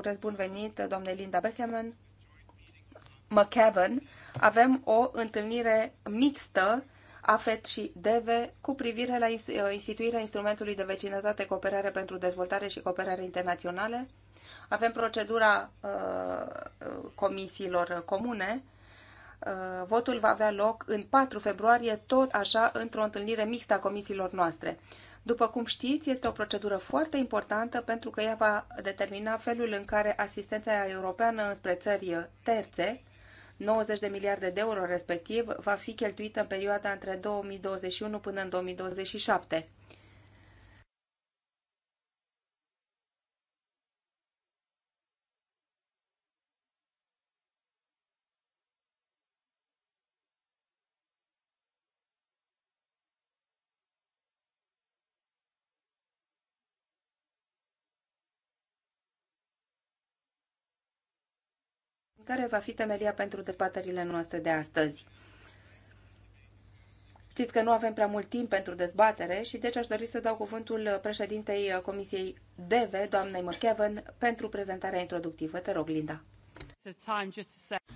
urez bun venit doamnei Linda Beckeman, McKevin. Avem o întâlnire mixtă a AFET și DEVE cu privire la uh, instituirea instrumentului de vecinătate, cooperare pentru dezvoltare și cooperare internaționale. Avem procedura uh, comisiilor comune. Uh, votul va avea loc în 4 februarie, tot așa într-o întâlnire mixtă a comisiilor noastre. După cum știți, este o procedură foarte importantă pentru că ea va determina felul în care asistența europeană înspre țări terțe, 90 de miliarde de euro respectiv, va fi cheltuită în perioada între 2021 până în 2027 care va fi temelia pentru dezbaterile noastre de astăzi. Știți că nu avem prea mult timp pentru dezbatere și deci aș dori să dau cuvântul președintei Comisiei DV, doamnei McKevin, pentru prezentarea introductivă. Te rog, Linda.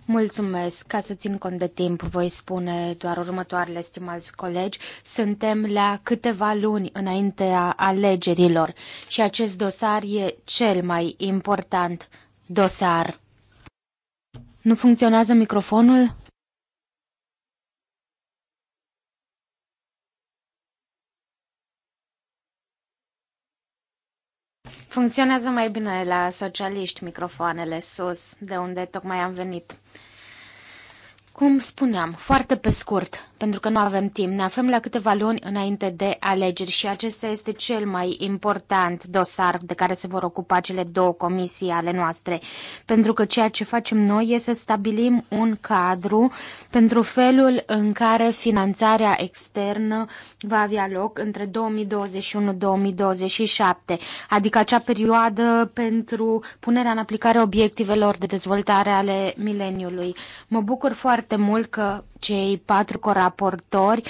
Mulțumesc. Ca să țin cont de timp, voi spune doar următoarele, stimați colegi. Suntem la câteva luni înaintea alegerilor și acest dosar e cel mai important dosar nu funcționează microfonul? Funcționează mai bine la socialiști microfoanele sus, de unde tocmai am venit. Cum spuneam, foarte pe scurt, pentru că nu avem timp. Ne aflăm la câteva luni înainte de alegeri și acesta este cel mai important dosar de care se vor ocupa cele două comisii ale noastre, pentru că ceea ce facem noi este să stabilim un cadru pentru felul în care finanțarea externă va avea loc între 2021-2027, adică acea perioadă pentru punerea în aplicare obiectivelor de dezvoltare ale mileniului. Mă bucur foarte mult că cei patru coraportori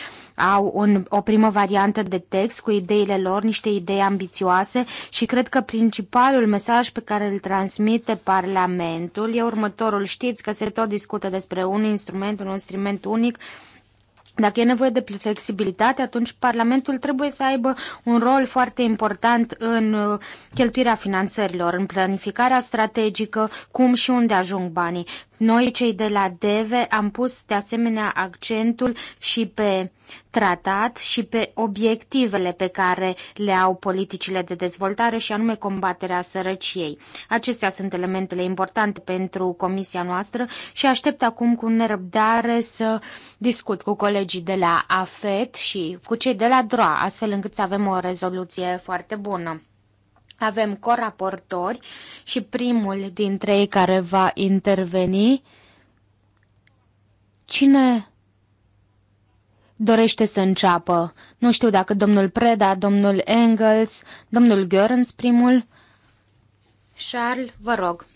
au un, o primă variantă de text cu ideile lor, niște idei ambițioase și cred că principalul mesaj pe care îl transmite Parlamentul e următorul. Știți că se tot discută despre un instrument, un instrument unic, dacă e nevoie de flexibilitate, atunci Parlamentul trebuie să aibă un rol foarte important în uh, cheltuirea finanțărilor, în planificarea strategică, cum și unde ajung banii. Noi, cei de la DEVE, am pus de asemenea accentul și pe tratat și pe obiectivele pe care le au politicile de dezvoltare și anume combaterea sărăciei. Acestea sunt elementele importante pentru comisia noastră și aștept acum cu nerăbdare să discut cu colegii de la AFET și cu cei de la DROA, astfel încât să avem o rezoluție foarte bună. Avem coraportori și primul dintre ei care va interveni. Cine dorește să înceapă? Nu știu dacă domnul Preda, domnul Engels, domnul Görens primul. Charles, vă rog.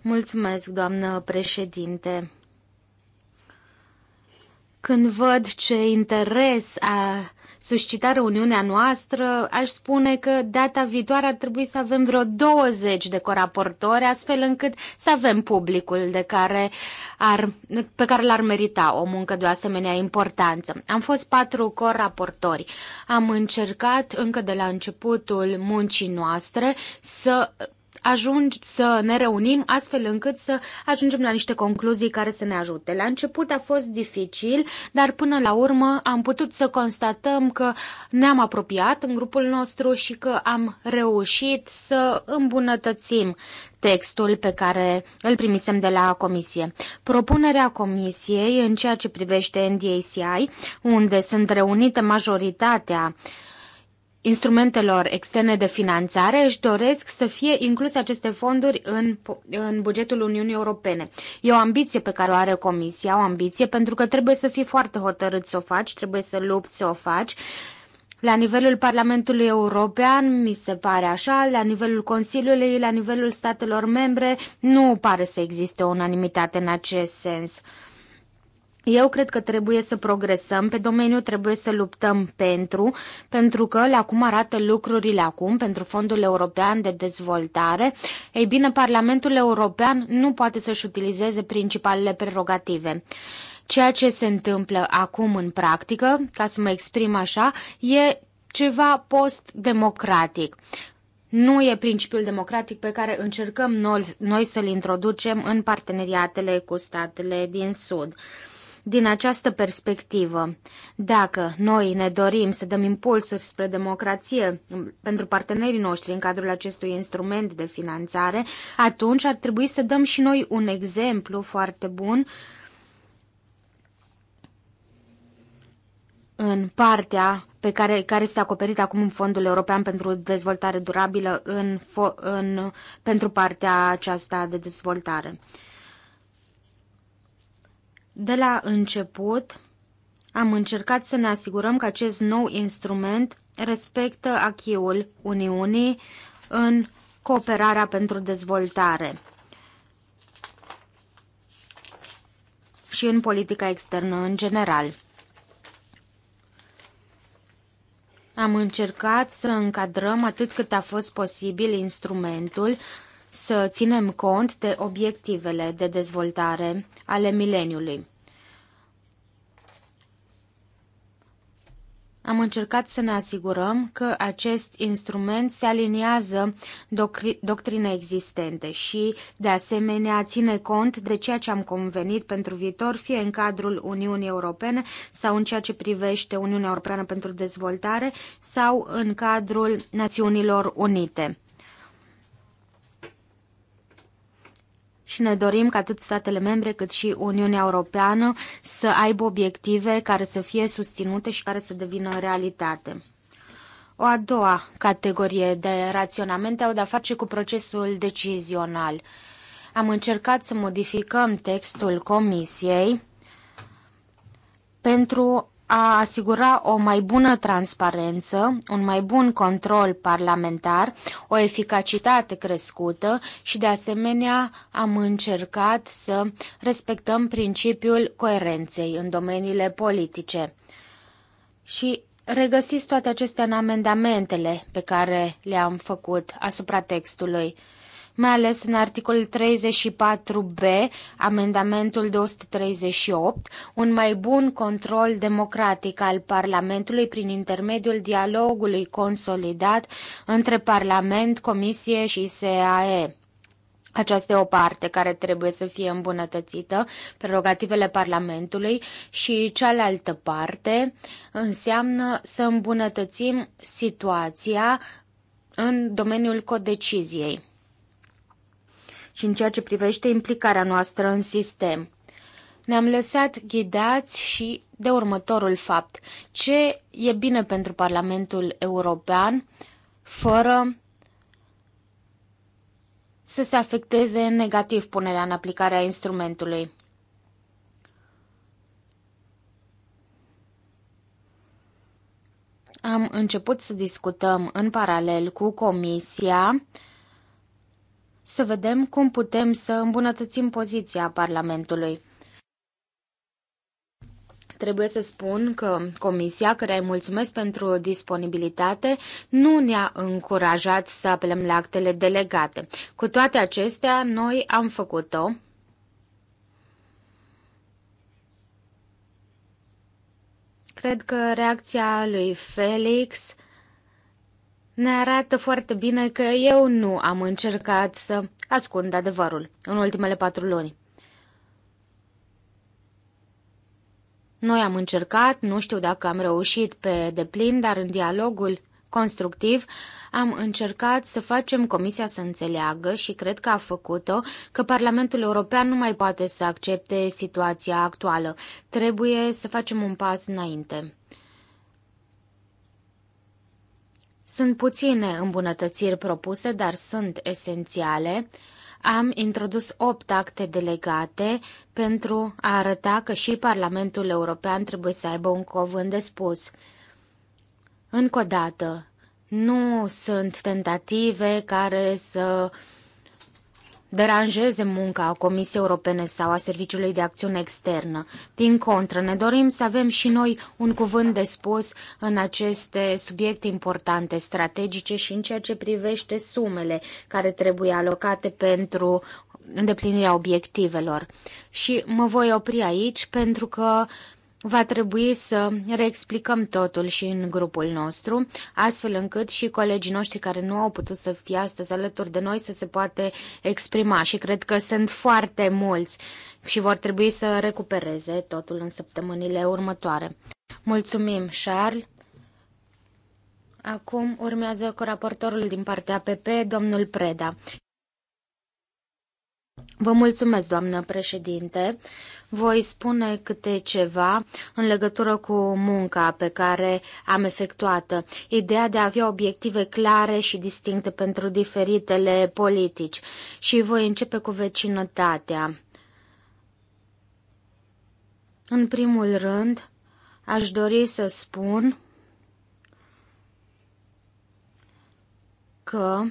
Mulțumesc, doamnă președinte. Când văd ce interes a suscitat reuniunea noastră, aș spune că data viitoare ar trebui să avem vreo 20 de coraportori, astfel încât să avem publicul de care ar, pe care l-ar merita o muncă de o asemenea importanță. Am fost patru coraportori. Am încercat încă de la începutul muncii noastre să ajung să ne reunim astfel încât să ajungem la niște concluzii care să ne ajute. La început a fost dificil, dar până la urmă am putut să constatăm că ne-am apropiat în grupul nostru și că am reușit să îmbunătățim textul pe care îl primisem de la comisie. Propunerea comisiei în ceea ce privește NDACI, unde sunt reunite majoritatea uh, instrumentelor externe de finanțare își doresc să fie incluse aceste fonduri în, în bugetul Uniunii Europene. E o ambiție pe care o are Comisia, o ambiție pentru că trebuie să fii foarte hotărât să o faci, trebuie să lupți să o faci. La nivelul Parlamentului European, mi se pare așa, la nivelul Consiliului, la nivelul statelor membre, nu pare să existe o unanimitate în acest sens. Eu cred că trebuie să progresăm pe domeniu, trebuie să luptăm pentru, pentru că la cum arată lucrurile acum pentru Fondul European de Dezvoltare, ei bine, Parlamentul European nu poate să-și utilizeze principalele prerogative. Ceea ce se întâmplă acum în practică, ca să mă exprim așa, e ceva post-democratic. Nu e principiul democratic pe care încercăm noi, noi să-l introducem în parteneriatele cu statele din Sud. Din această perspectivă, dacă noi ne dorim să dăm impulsuri spre democrație mm, pentru partenerii noștri în cadrul acestui instrument de finanțare, atunci ar trebui să dăm și noi un exemplu foarte bun în partea pe care, care s-a acoperit acum în Fondul European pentru Dezvoltare Durabilă în, în, pentru partea aceasta de dezvoltare. De la început am încercat să ne asigurăm că acest nou instrument respectă achiul Uniunii în cooperarea pentru dezvoltare și în politica externă în general. Am încercat să încadrăm atât cât a fost posibil instrumentul să ținem cont de obiectivele de dezvoltare ale mileniului. Am încercat să ne asigurăm că acest instrument se aliniază doctrinei existente și, de asemenea, ține cont de ceea ce am convenit pentru viitor, fie în cadrul Uniunii Europene sau în ceea ce privește Uniunea Europeană pentru Dezvoltare sau în cadrul Națiunilor Unite. și ne dorim ca atât statele membre cât și Uniunea Europeană să aibă obiective care să fie susținute și care să devină realitate. O a doua categorie de raționamente au de-a face cu procesul decizional. Am încercat să modificăm textul Comisiei pentru a asigura o mai bună transparență, un mai bun control parlamentar, o eficacitate crescută și, de asemenea, am încercat să respectăm principiul coerenței în domeniile politice. Și regăsiți toate acestea în amendamentele pe care le-am făcut asupra textului mai ales în articolul 34b, amendamentul 238, un mai bun control democratic al Parlamentului prin intermediul dialogului consolidat între Parlament, Comisie și SAE. Aceasta e o parte care trebuie să fie îmbunătățită, prerogativele Parlamentului și cealaltă parte înseamnă să îmbunătățim situația în domeniul codeciziei și în ceea ce privește implicarea noastră în sistem. Ne-am lăsat ghidați și de următorul fapt. Ce e bine pentru Parlamentul European fără să se afecteze negativ punerea în aplicare a instrumentului? Am început să discutăm în paralel cu Comisia să vedem cum putem să îmbunătățim poziția Parlamentului. Trebuie să spun că comisia, care îi mulțumesc pentru disponibilitate, nu ne-a încurajat să apelăm la actele delegate. Cu toate acestea, noi am făcut-o. Cred că reacția lui Felix ne arată foarte bine că eu nu am încercat să ascund adevărul în ultimele patru luni. Noi am încercat, nu știu dacă am reușit pe deplin, dar în dialogul constructiv am încercat să facem Comisia să înțeleagă și cred că a făcut-o că Parlamentul European nu mai poate să accepte situația actuală. Trebuie să facem un pas înainte. Sunt puține îmbunătățiri propuse, dar sunt esențiale. Am introdus opt acte delegate pentru a arăta că și Parlamentul European trebuie să aibă un cuvânt de spus. Încă o dată, nu sunt tentative care să uh, deranjeze munca a Comisiei Europene sau a Serviciului de Acțiune Externă. Din contră, ne dorim să avem și noi un cuvânt de spus în aceste subiecte importante, strategice și în ceea ce privește sumele care trebuie alocate pentru îndeplinirea obiectivelor. Și mă voi opri aici pentru că Va trebui să reexplicăm totul și în grupul nostru, astfel încât și colegii noștri care nu au putut să fie astăzi alături de noi să se poate exprima și cred că sunt foarte mulți și vor trebui să recupereze totul în săptămânile următoare. Mulțumim, Charles! Acum urmează cu raportorul din partea PP, domnul Preda. Vă mulțumesc, doamnă președinte. Voi spune câte ceva în legătură cu munca pe care am efectuată. Ideea de a avea obiective clare și distincte pentru diferitele politici. Și voi începe cu vecinătatea. În primul rând, aș dori să spun că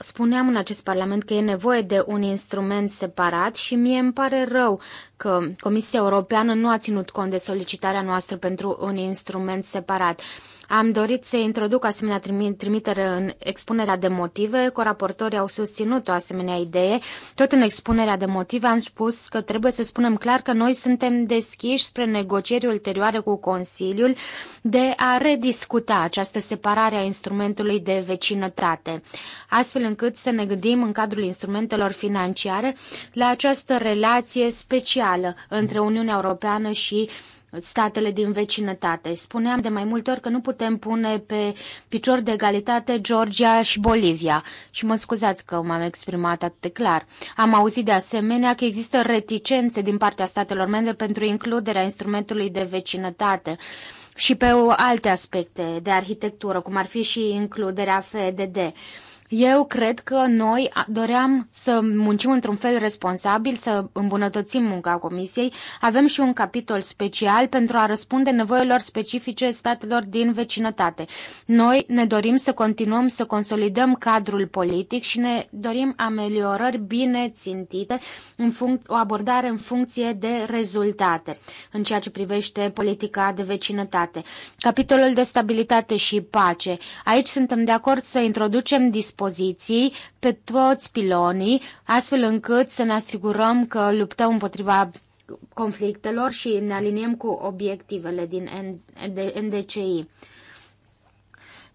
spuneam în acest Parlament că e nevoie de un instrument separat și mie îmi pare rău că Comisia Europeană nu a ținut cont de solicitarea noastră pentru un instrument separat. Am dorit să introduc asemenea trimitere în expunerea de motive, coraportorii au susținut o asemenea idee. Tot în expunerea de motive am spus că trebuie să spunem clar că noi suntem deschiși spre negocieri ulterioare cu Consiliul de a rediscuta această separare a instrumentului de vecinătate, astfel încât să ne gândim în cadrul instrumentelor financiare la această relație specială între Uniunea Europeană și statele din vecinătate. Spuneam de mai multe ori că nu putem pune pe picior de egalitate Georgia și Bolivia. Și mă scuzați că m-am exprimat atât de clar. Am auzit de asemenea că există reticențe din partea statelor membre pentru includerea instrumentului de vecinătate și pe alte aspecte de arhitectură, cum ar fi și includerea FDD. Eu cred că noi doream să muncim într-un fel responsabil, să îmbunătățim munca Comisiei. Avem și un capitol special pentru a răspunde nevoilor specifice statelor din vecinătate. Noi ne dorim să continuăm să consolidăm cadrul politic și ne dorim ameliorări bine țintite, în o abordare în funcție de rezultate în ceea ce privește politica de vecinătate. Capitolul de stabilitate și pace. Aici suntem de acord să introducem dispoziții dispoziții pe toți pilonii, astfel încât să ne asigurăm că luptăm împotriva conflictelor și ne aliniem cu obiectivele din NDCI.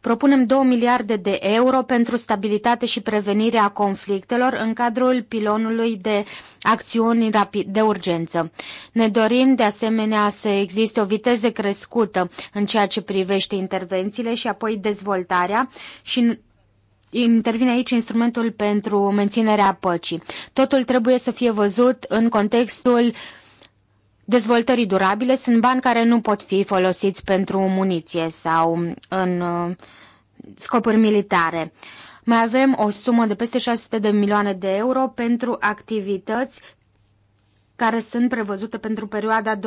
Propunem 2 miliarde de euro pentru stabilitate și prevenirea conflictelor în cadrul pilonului de acțiuni de urgență. Ne dorim de asemenea să existe o viteză crescută în ceea ce privește intervențiile și apoi dezvoltarea și intervine aici instrumentul pentru menținerea păcii. Totul trebuie să fie văzut în contextul dezvoltării durabile. Sunt bani care nu pot fi folosiți pentru muniție sau în uh, scopuri militare. Mai avem o sumă de peste 600 de milioane de euro pentru activități care sunt prevăzute pentru perioada 2018-2020.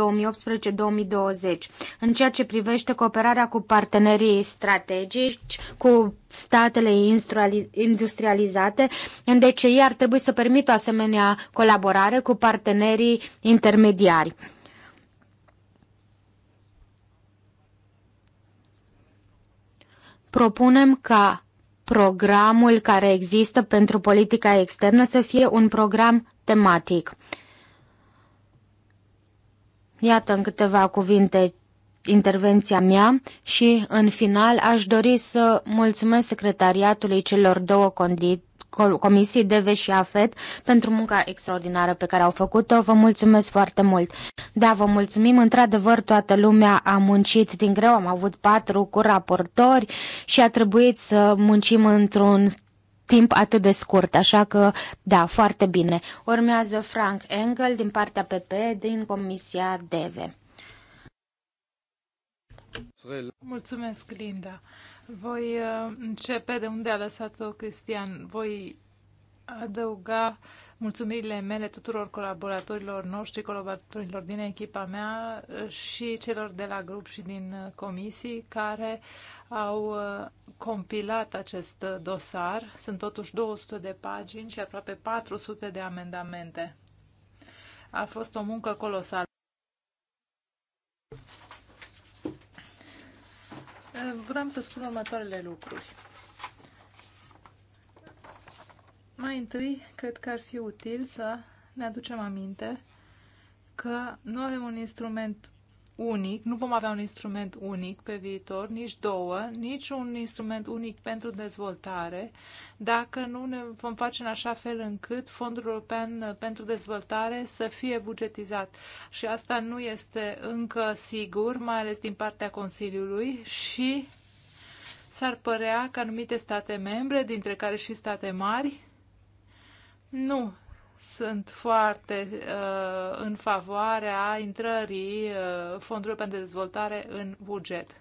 În ceea ce privește cooperarea cu partenerii strategici, cu statele industrializate, în DCI ar trebui să permită o asemenea colaborare cu partenerii intermediari. Propunem ca programul care există pentru politica externă să fie un program tematic. Iată în câteva cuvinte intervenția mea și, în final, aș dori să mulțumesc secretariatului celor două condiții Comisii DV și AFET pentru munca extraordinară pe care au făcut-o. Vă mulțumesc foarte mult. Da, vă mulțumim. Într-adevăr, toată lumea a muncit din greu. Am avut patru cu raportori și a trebuit să muncim într-un timp atât de scurt, așa că da, foarte bine. Urmează Frank Engel din partea PP din Comisia DEVE. Mulțumesc, Linda. Voi uh, începe de unde a lăsat-o Cristian. Voi adăuga uh, mulțumirile mele tuturor colaboratorilor noștri, colaboratorilor din echipa mea și celor de la grup și din comisii care au uh, compilat acest dosar. Sunt totuși 200 de pagini și aproape 400 de amendamente. A fost o muncă colosală. Vreau să spun următoarele lucruri. Mai întâi, cred că ar fi util să ne aducem aminte că nu avem un instrument unic, nu vom avea un instrument unic pe viitor, nici două, nici un instrument unic pentru dezvoltare, dacă nu ne vom face în așa fel încât Fondul European pentru Dezvoltare să fie bugetizat. Și asta nu este încă sigur, mai ales din partea Consiliului și s-ar părea că anumite state membre, dintre care și state mari, nu sunt foarte uh, în favoarea intrării uh, fondurilor pentru dezvoltare în buget.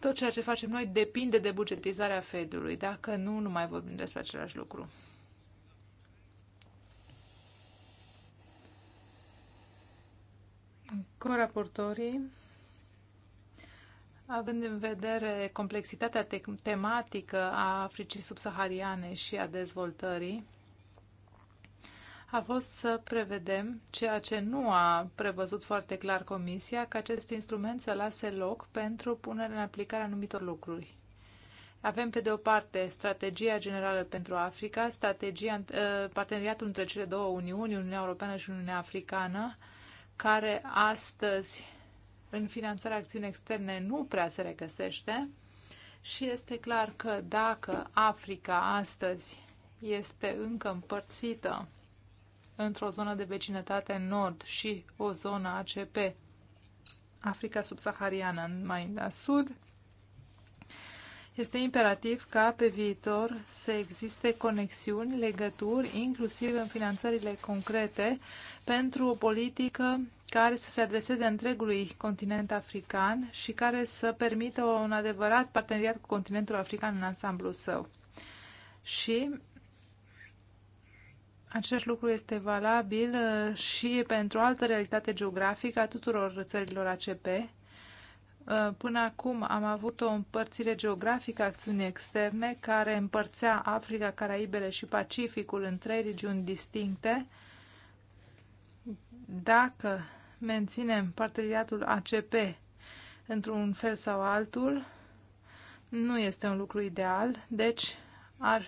Tot ceea ce facem noi depinde de bugetizarea Fedului. Dacă nu, nu mai vorbim despre același lucru. Cu raportorii Având în vedere complexitatea te tematică a Africii subsahariane și a dezvoltării, a fost să prevedem ceea ce nu a prevăzut foarte clar Comisia, că acest instrument să lase loc pentru punerea în aplicare a anumitor lucruri. Avem, pe de o parte, strategia generală pentru Africa, strategia, ă, parteneriatul între cele două Uniuni, Uniunea Europeană și Uniunea Africană, care astăzi în finanțarea acțiunii externe nu prea se regăsește și este clar că dacă Africa astăzi este încă împărțită într-o zonă de vecinătate nord și o zonă ACP, Africa subsahariană mai în sud, este imperativ ca pe viitor să existe conexiuni, legături, inclusiv în finanțările concrete, pentru o politică care să se adreseze întregului continent african și care să permită un adevărat parteneriat cu continentul african în ansamblu său. Și acest lucru este valabil uh, și pentru altă realitate geografică a tuturor țărilor ACP. Uh, până acum am avut o împărțire geografică a acțiunii externe care împărțea Africa, Caraibele și Pacificul în trei regiuni distincte. Dacă menținem parteneriatul ACP într-un fel sau altul, nu este un lucru ideal, deci ar,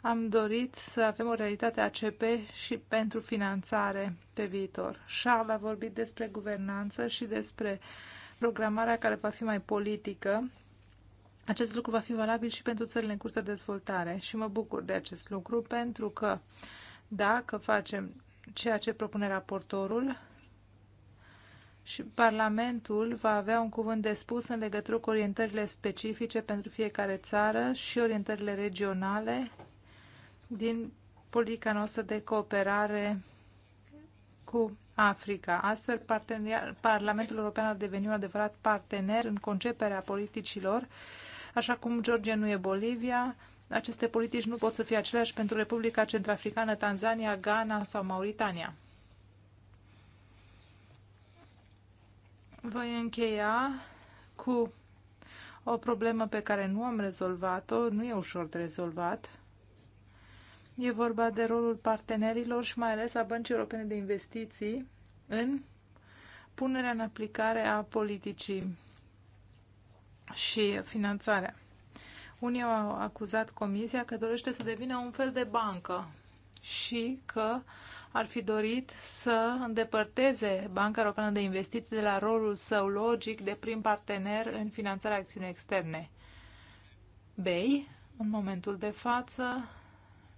am dorit să avem o realitate ACP și pentru finanțare pe viitor. Charles a vorbit despre guvernanță și despre programarea care va fi mai politică. Acest lucru va fi valabil și pentru țările în curs de dezvoltare și mă bucur de acest lucru pentru că dacă facem ceea ce propune raportorul și Parlamentul va avea un cuvânt de spus în legătură cu orientările specifice pentru fiecare țară și orientările regionale din politica noastră de cooperare cu Africa. Astfel, Parlamentul European ar deveni un adevărat partener în conceperea politicilor, așa cum Georgia nu e Bolivia, aceste politici nu pot să fie aceleași pentru Republica Centrafricană, Tanzania, Ghana sau Mauritania. Voi încheia cu o problemă pe care nu am rezolvat-o, nu e ușor de rezolvat. E vorba de rolul partenerilor și mai ales a Băncii Europene de Investiții în punerea în aplicare a politicii și finanțarea. Unii au acuzat Comisia că dorește să devină un fel de bancă și că ar fi dorit să îndepărteze Banca Europeană de Investiții de la rolul său logic de prim partener în finanțarea acțiunii externe. BEI, în momentul de față,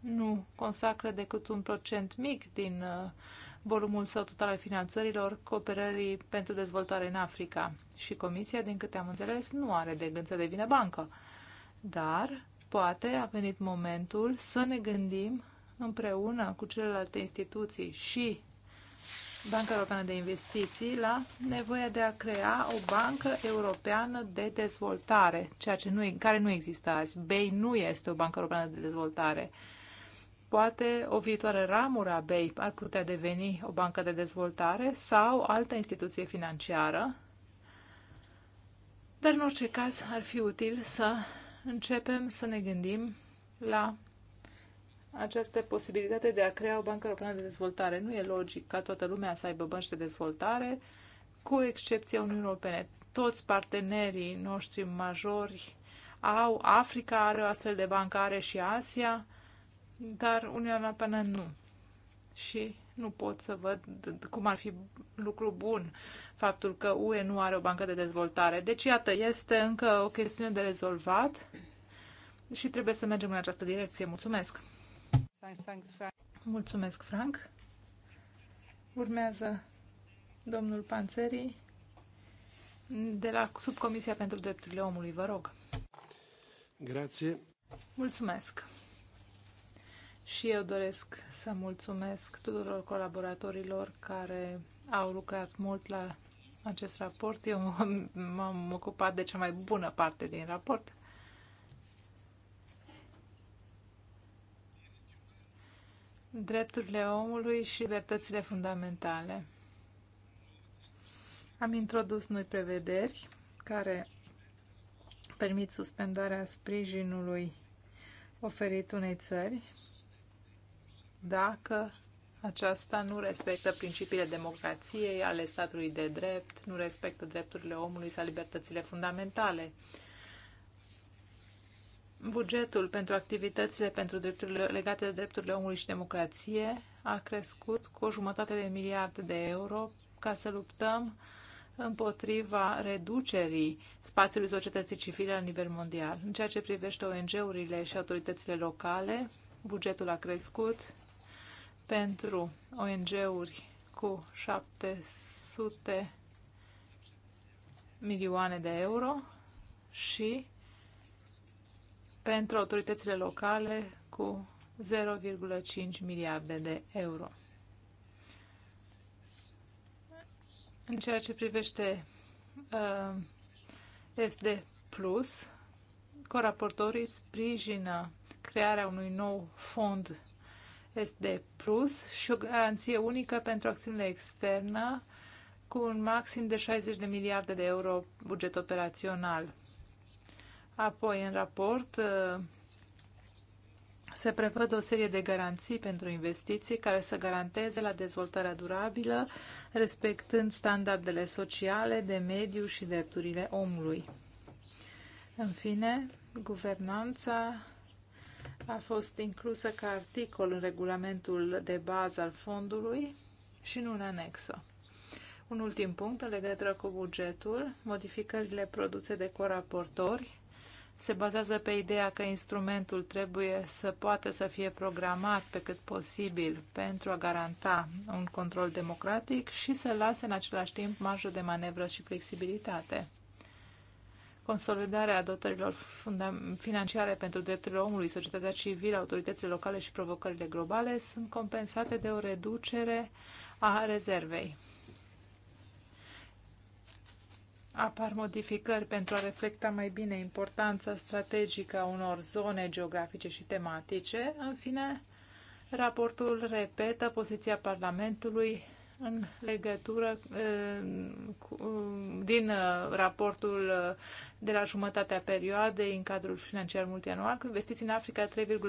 nu consacră decât un procent mic din uh, volumul său total al finanțărilor cooperării pentru dezvoltare în Africa. Și Comisia, din câte am înțeles, nu are de gând să devină bancă dar poate a venit momentul să ne gândim împreună cu celelalte instituții și Banca Europeană de Investiții la nevoia de a crea o bancă europeană de dezvoltare, ceea ce nu, care nu există azi. BEI nu este o bancă europeană de dezvoltare. Poate o viitoare ramură a BEI ar putea deveni o bancă de dezvoltare sau altă instituție financiară, dar în orice caz ar fi util să începem să ne gândim la această posibilitate de a crea o bancă europeană de dezvoltare. Nu e logic ca toată lumea să aibă bănci de dezvoltare, cu excepția Uniunii Europene. Toți partenerii noștri majori au, Africa are o astfel de bancare și Asia, dar Uniunea Europeană nu. Și nu pot să văd cum ar fi lucru bun faptul că UE nu are o bancă de dezvoltare. Deci, iată, este încă o chestiune de rezolvat și trebuie să mergem în această direcție. Mulțumesc! Mulțumesc, Frank! Urmează domnul Panțerii de la Subcomisia pentru Drepturile Omului. Vă rog! Grație! Mulțumesc! Și eu doresc să mulțumesc tuturor colaboratorilor care au lucrat mult la acest raport. Eu m-am ocupat de cea mai bună parte din raport. Drepturile omului și libertățile fundamentale. Am introdus noi prevederi care permit suspendarea sprijinului oferit unei țări dacă aceasta nu respectă principiile democrației, ale statului de drept, nu respectă drepturile omului sau libertățile fundamentale. Bugetul pentru activitățile pentru drepturile, legate de drepturile omului și democrație a crescut cu o jumătate de miliard de euro ca să luptăm împotriva reducerii spațiului societății civile la nivel mondial. În ceea ce privește ONG-urile și autoritățile locale, bugetul a crescut pentru ONG-uri cu 700 milioane de euro și pentru autoritățile locale cu 0,5 miliarde de euro. În ceea ce privește uh, SD+, coraportorii sprijină crearea unui nou fond SD Plus și o garanție unică pentru acțiunile externe cu un maxim de 60 de miliarde de euro buget operațional. Apoi, în raport, uh, se prevăd o serie de garanții pentru investiții care să garanteze la dezvoltarea durabilă, respectând standardele sociale, de mediu și drepturile omului. În fine, guvernanța a fost inclusă ca articol în regulamentul de bază al fondului și nu în anexă. Un ultim punct în legătură cu bugetul, modificările produse de coraportori se bazează pe ideea că instrumentul trebuie să poată să fie programat pe cât posibil pentru a garanta un control democratic și să lase în același timp marjă de manevră și flexibilitate consolidarea dotărilor financiare pentru drepturile omului, societatea civilă, autoritățile locale și provocările globale sunt compensate de o reducere a rezervei. Apar modificări pentru a reflecta mai bine importanța strategică a unor zone geografice și tematice. În fine, raportul repetă poziția Parlamentului în legătură din uh, raportul uh, de la jumătatea perioadei în cadrul financiar multianual cu investiții în Africa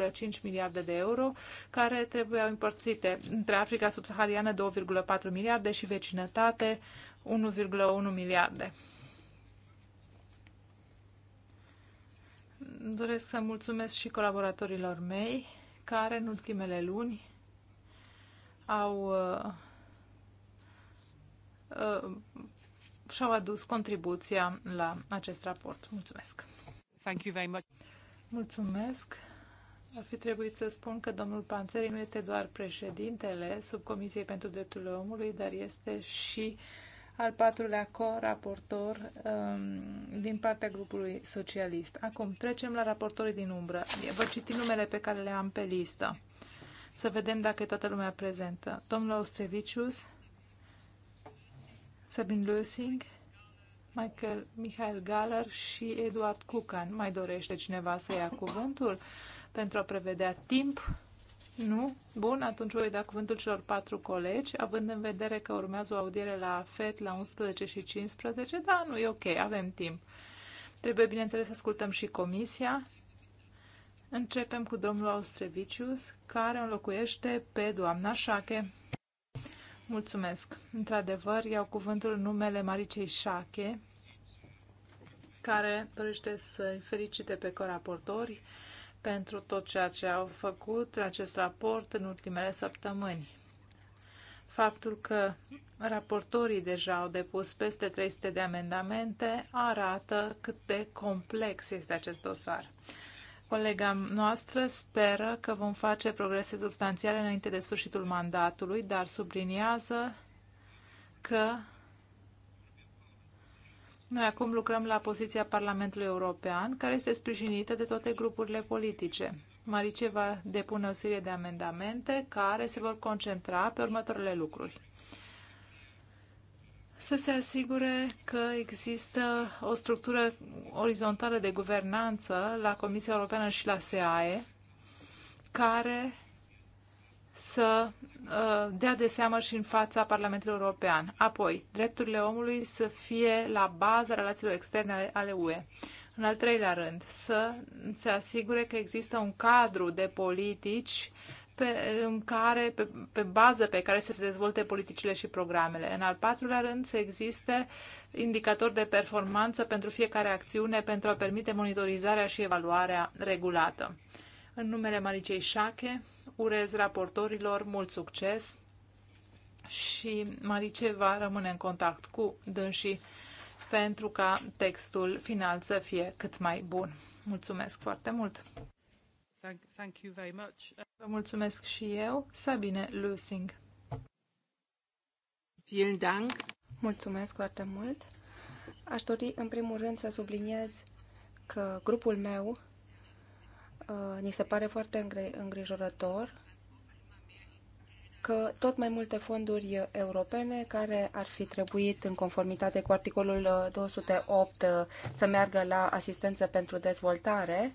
3,5 miliarde de euro care trebuiau împărțite între Africa subsahariană 2,4 miliarde și vecinătate 1,1 miliarde. Doresc să mulțumesc și colaboratorilor mei care în ultimele luni au uh, uh, și-au adus contribuția la acest raport. Mulțumesc! Thank you very much. Mulțumesc! Ar fi trebuit să spun că domnul Panțeri nu este doar președintele Subcomisiei pentru Drepturile Omului, dar este și al patrulea co-raportor um, din partea grupului socialist. Acum trecem la raportorii din umbră. Vă citi numele pe care le am pe listă. Să vedem dacă e toată lumea prezentă. Domnul Austrevicius, Sabin Lösing, Michael, Michael Galler și Eduard Cucan. Mai dorește cineva să ia cuvântul pentru a prevedea timp? Nu? Bun, atunci voi da cuvântul celor patru colegi, având în vedere că urmează o audiere la FET la 11 și 15, da, nu e ok, avem timp. Trebuie, bineînțeles, să ascultăm și comisia. Începem cu domnul Austrevicius, care înlocuiește pe doamna Șache. Mulțumesc. Într-adevăr, iau cuvântul în numele Maricei Șache, care dorește să-i felicite pe coraportori pentru tot ceea ce au făcut în acest raport în ultimele săptămâni. Faptul că raportorii deja au depus peste 300 de amendamente arată cât de complex este acest dosar. Colega noastră speră că vom face progrese substanțiale înainte de sfârșitul mandatului, dar subliniază că noi acum lucrăm la poziția Parlamentului European, care este sprijinită de toate grupurile politice. Marice va depune o serie de amendamente care se vor concentra pe următoarele lucruri să se asigure că există o structură orizontală de guvernanță la Comisia Europeană și la SEAE care să uh, dea de seamă și în fața Parlamentului European. Apoi, drepturile omului să fie la baza relațiilor externe ale UE. În al treilea rând, să se asigure că există un cadru de politici pe, în care, pe, pe bază pe care să se dezvolte politicile și programele. În al patrulea rând, să existe indicatori de performanță pentru fiecare acțiune pentru a permite monitorizarea și evaluarea regulată. În numele Maricei Șache, urez raportorilor mult succes și Marice va rămâne în contact cu dânsii pentru ca textul final să fie cât mai bun. Mulțumesc foarte mult! Thank, thank you very much. Vă mulțumesc și eu, Sabine Lusing. Vielen Dank. Mulțumesc foarte mult. Aș dori, în primul rând, să subliniez că grupul meu uh, ni se pare foarte îngrijorător că tot mai multe fonduri europene care ar fi trebuit în conformitate cu articolul 208 uh, uh, să meargă la asistență pentru dezvoltare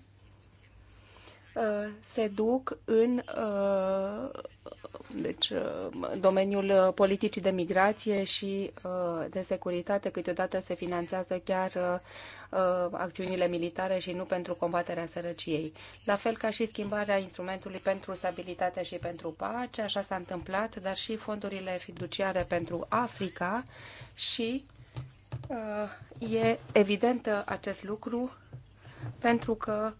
Uh, se duc în uh, deci, uh, domeniul politicii de migrație și de securitate. Câteodată se finanțează chiar acțiunile militare și nu pentru combaterea sărăciei. La fel ca și schimbarea instrumentului pentru stabilitate și pentru pace, așa s-a întâmplat, dar și fondurile fiduciare pentru Africa și e evident acest lucru pentru că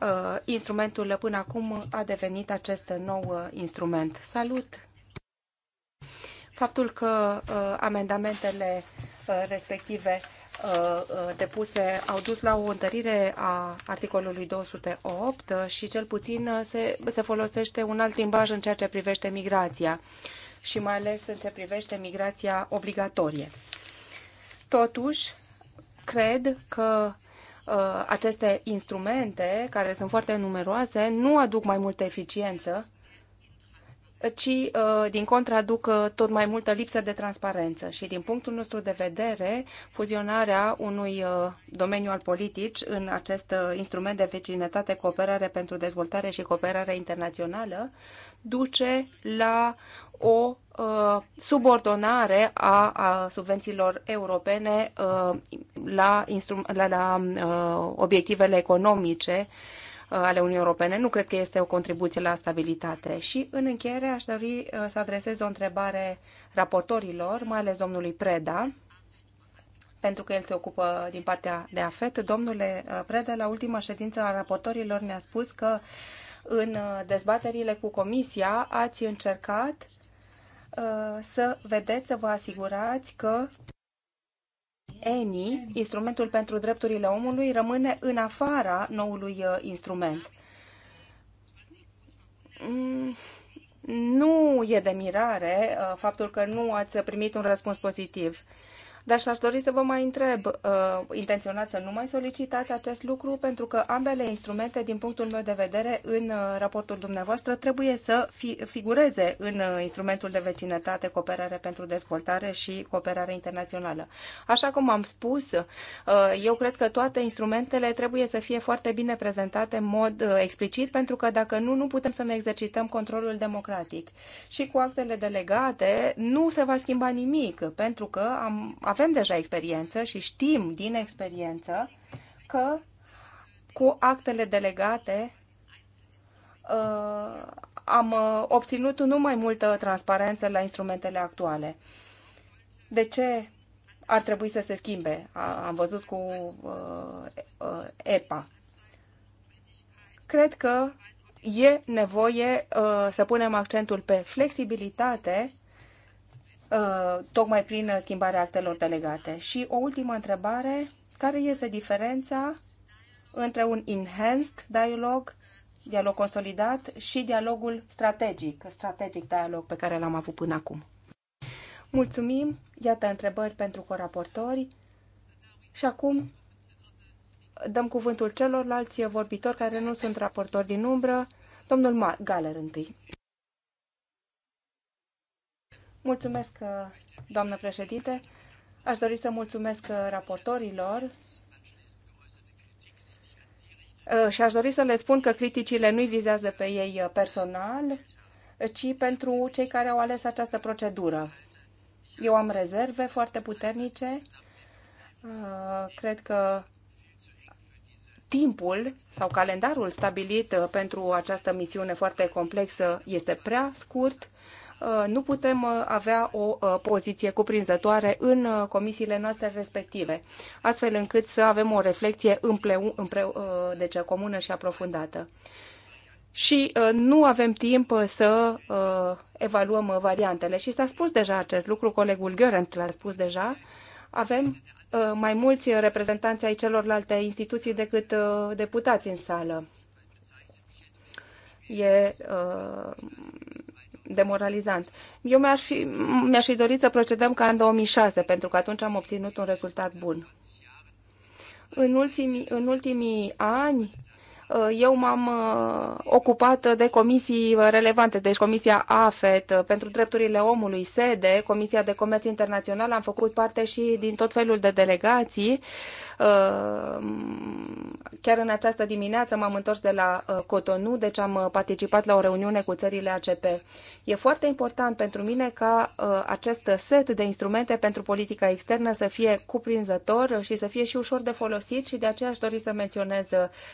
Uh, instrumentul până acum a devenit acest nou uh, instrument. Salut! Faptul că uh, amendamentele respective depuse au dus la o întărire a articolului 208 și cel puțin se, se folosește un alt limbaj în ceea ce privește migrația și mai ales în ce privește migrația obligatorie. Totuși, cred că Uh, aceste instrumente, care sunt foarte numeroase, nu aduc mai multă eficiență, ci, uh, din contră, aduc uh, tot mai multă lipsă de transparență. Și, din punctul nostru de vedere, fuzionarea unui domeniu al politici în acest instrument de vecinătate, cooperare pentru dezvoltare și cooperare internațională, duce la o Uh, subordonare a, a subvențiilor europene uh, la, la, la uh, obiectivele economice ale Uniunii Europene. Nu cred că este o contribuție la stabilitate. Și în încheiere aș dori să adresez o întrebare raportorilor, mai ales domnului Preda, pentru că el se ocupă din partea de afet. Domnule Preda, la ultima ședință a raportorilor ne-a spus că în dezbaterile cu Comisia ați încercat uh, Uh, să vedeți, să vă asigurați că ENI, instrumentul pentru drepturile omului, rămâne în afara noului uh, instrument. Mm, nu e de mirare uh, faptul că nu ați primit un răspuns pozitiv dar și-aș dori să vă mai întreb, uh, intenționați să nu mai solicitați acest lucru, pentru că ambele instrumente, din punctul meu de vedere, în uh, raportul dumneavoastră, trebuie să fi, figureze în uh, instrumentul de vecinătate, cooperare pentru dezvoltare și cooperare internațională. Așa cum am spus, uh, eu cred că toate instrumentele trebuie să fie foarte bine prezentate în mod uh, explicit, pentru că dacă nu, nu putem să ne exercităm controlul democratic. Și cu actele delegate nu se va schimba nimic, pentru că am avem deja experiență și știm din experiență că cu actele delegate uh, am uh, obținut nu mai multă transparență la instrumentele actuale. De ce ar trebui să se schimbe? Am văzut cu uh, EPA. Cred că e nevoie să punem accentul pe flexibilitate Uh, tocmai prin schimbarea actelor delegate. Și o ultimă întrebare, care este diferența între un enhanced dialog, dialog consolidat și dialogul strategic, strategic dialog pe care l-am avut până acum? Mulțumim, iată întrebări pentru coraportori și acum dăm cuvântul celorlalți vorbitori care nu sunt raportori din umbră, domnul Mar Galer întâi. Mulțumesc, uh, doamnă președinte. Aș dori să mulțumesc uh, raportorilor uh, și aș dori să le spun că criticile nu-i vizează pe ei personal, ci pentru cei care au ales această procedură. Eu am rezerve foarte puternice. Cred că timpul sau calendarul stabilit pentru această misiune foarte complexă este prea scurt Uh, nu putem uh, avea o uh, poziție cuprinzătoare în comisiile noastre respective, astfel încât să avem o reflexie împleu, împleu, deci, comună și aprofundată. Și nu avem timp să evaluăm variantele. Și s-a spus deja acest lucru, colegul Görent l-a spus deja, avem mai mulți reprezentanți ai celorlalte instituții decât deputați în sală. E demoralizant. Eu mi-aș fi, mi-aș fi dorit să procedăm ca în 2006, pentru că atunci am obținut un rezultat bun. În ultimii, în ultimii ani, uh, eu m-am uh, ocupat de comisii relevante, deci Comisia AFET uh, pentru drepturile omului, SEDE, Comisia de Comerț Internațional, am făcut parte și din tot felul de delegații Ehm, chiar în această dimineață m-am întors de la uh, Cotonou, deci am uh, participat la o reuniune cu țările ACP. E foarte important pentru mine ca uh, acest set de instrumente pentru politica externă să fie cuprinzător și să fie și ușor de folosit și de aceea aș dori să menționez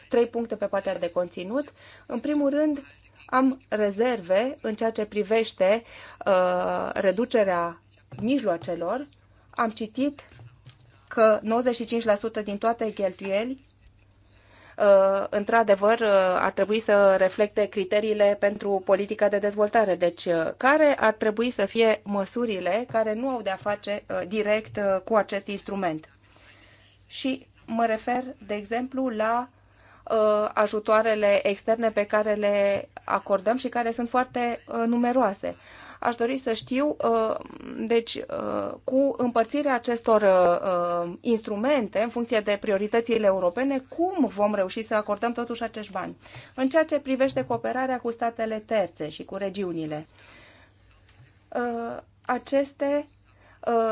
trei puncte pe partea de conținut. În primul rând, am rezerve în ceea ce privește uh, reducerea mijloacelor. Am citit că 95% din toate cheltuieli uh, într-adevăr uh, ar trebui să reflecte criteriile pentru politica de dezvoltare. Deci, uh, care ar trebui să fie măsurile care nu au de-a face direct cu acest instrument? Și mă refer, de exemplu, la ajutoarele externe pe care le acordăm și care sunt foarte numeroase. Aș dori să știu, uh, deci, uh, cu împărțirea acestor uh, instrumente în funcție de prioritățile europene, cum vom reuși să acordăm totuși acești bani? În ceea ce privește cooperarea cu statele terțe și cu regiunile, aceste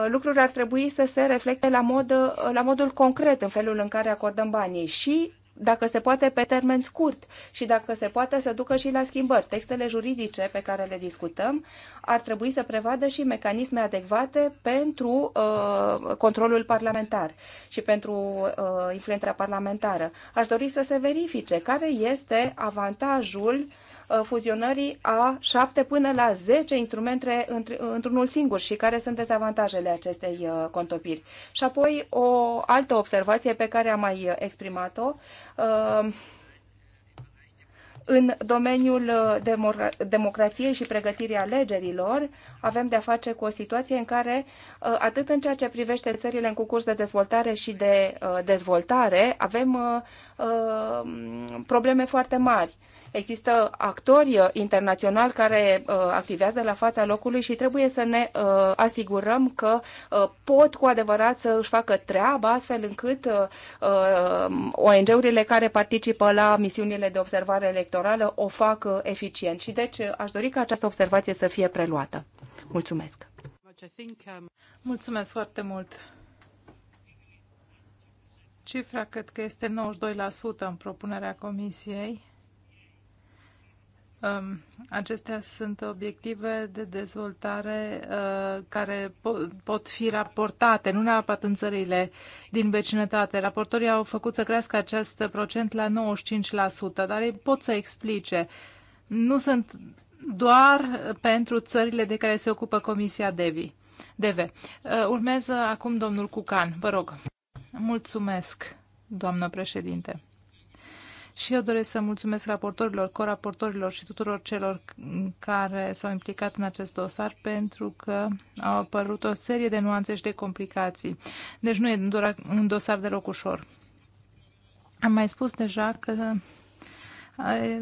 lucruri ar trebui să se reflecte la, mod, la modul concret în felul în care acordăm banii și dacă se poate pe termen scurt și dacă se poate să ducă și la schimbări. Textele juridice pe care le discutăm ar trebui să prevadă și mecanisme adecvate pentru uh, controlul parlamentar și pentru uh, influența parlamentară. Aș dori să se verifice care este avantajul Uh, fuzionării a șapte până la zece instrumente într-unul singur și care sunt dezavantajele acestei uh, contopiri. Și apoi o altă observație pe care am mai uh, exprimat-o în domeniul democrației și pregătirii alegerilor avem de-a face cu o situație în care, atât în ceea ce privește țările în curs de dezvoltare și de dezvoltare, avem probleme foarte mari. Există actori uh, internaționali care uh, activează la fața locului și trebuie să ne uh, asigurăm că pot cu adevărat să își facă treaba astfel încât ONG-urile care participă la misiunile de observare electorală o fac eficient. Și deci aș dori ca această observație să fie preluată. Mulțumesc! Mulțumesc foarte mult! Cifra cred că este 92% în propunerea comisiei Um, acestea sunt obiective de dezvoltare uh, care pot fi raportate, nu neapărat în țările din vecinătate. Raportorii au făcut să crească acest procent la 95%, dar ei pot să explice. Nu sunt doar pentru țările de care se ocupă Comisia Devi. Deve. Uh, urmează acum domnul Cucan. Vă rog. Mulțumesc, doamnă președinte. Și eu doresc să mulțumesc raportorilor, coraportorilor și tuturor celor care s-au implicat în acest dosar pentru că au apărut o serie de nuanțe și de complicații. Deci nu e doar un dosar deloc ușor. Am mai spus deja că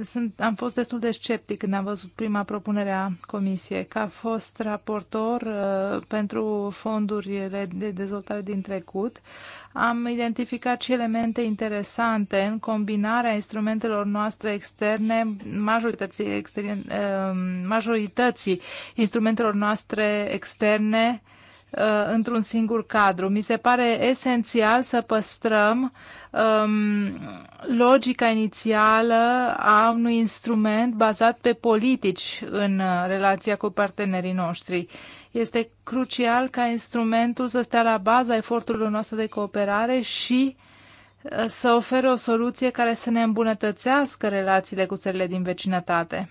sunt, am fost destul de sceptic când am văzut prima propunere a Comisiei, că a fost raportor uh, pentru fondurile de dezvoltare din trecut. Am identificat și elemente interesante în combinarea instrumentelor noastre externe, majorității, externe, uh, majorității instrumentelor noastre externe Uh, într-un singur cadru. Mi se pare esențial să păstrăm um, logica inițială a unui instrument bazat pe politici în uh, relația cu partenerii noștri. Este crucial ca instrumentul să stea la baza eforturilor noastre de cooperare și uh, să ofere o soluție care să ne îmbunătățească relațiile cu țările din vecinătate.